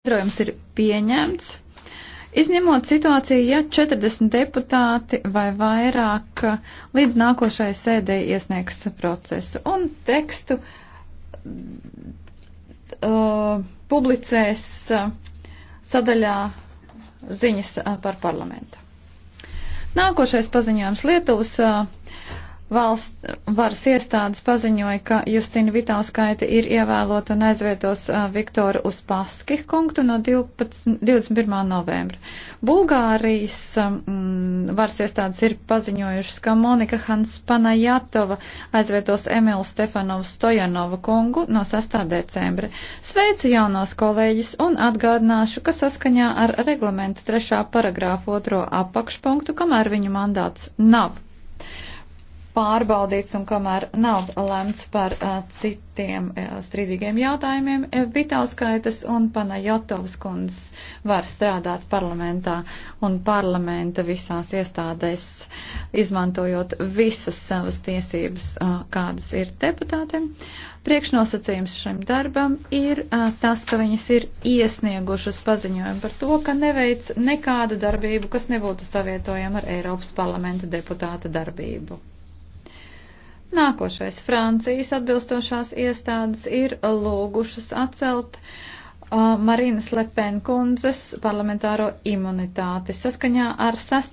Skaidrojums ir pieņemts, izņemot situāciju, ja 40 deputāti vai vairāk līdz nākošajai sēdēji iesniegs procesu. Un tekstu uh, publicēs uh, sadaļā ziņas uh, par parlamentu. Nākošais paziņojums Lietuvas. Uh, Valsts varas iestādes paziņoja, ka Justina Vitāskaita ir ievēlota un aizvietos uh, Viktoru uz Paskih punktu no 12, 21. novembra. Bulgārijas um, varas iestādes ir paziņojušas, ka Monika Hans Panajatova aizvietos Emilu Stefanovu Stojanovu kungu no 6. decembra. Sveicu jaunos kolēģis un atgādināšu, ka saskaņā ar reglamenta 3. paragrāfu 2. apakšpunktu, kamēr viņu mandāts nav pārbaudīts un kamēr nav lemts par uh, citiem uh, strīdīgiem jautājumiem, eh, Vitālskaitas un Panajotovs kundz var strādāt parlamentā un parlamenta visās iestādēs, izmantojot visas savas tiesības, uh, kādas ir deputātiem. Priekšnosacījums šim darbam ir uh, tas, ka viņas ir iesniegušas paziņojumu par to, ka neveic nekādu darbību, kas nebūtu savietojama ar Eiropas parlamenta deputāta darbību. Nākošais Francijas atbilstošās iestādes ir lūgušas atcelt uh, Marinas Lepenkundzes parlamentāro imunitāti saskaņā ar 6.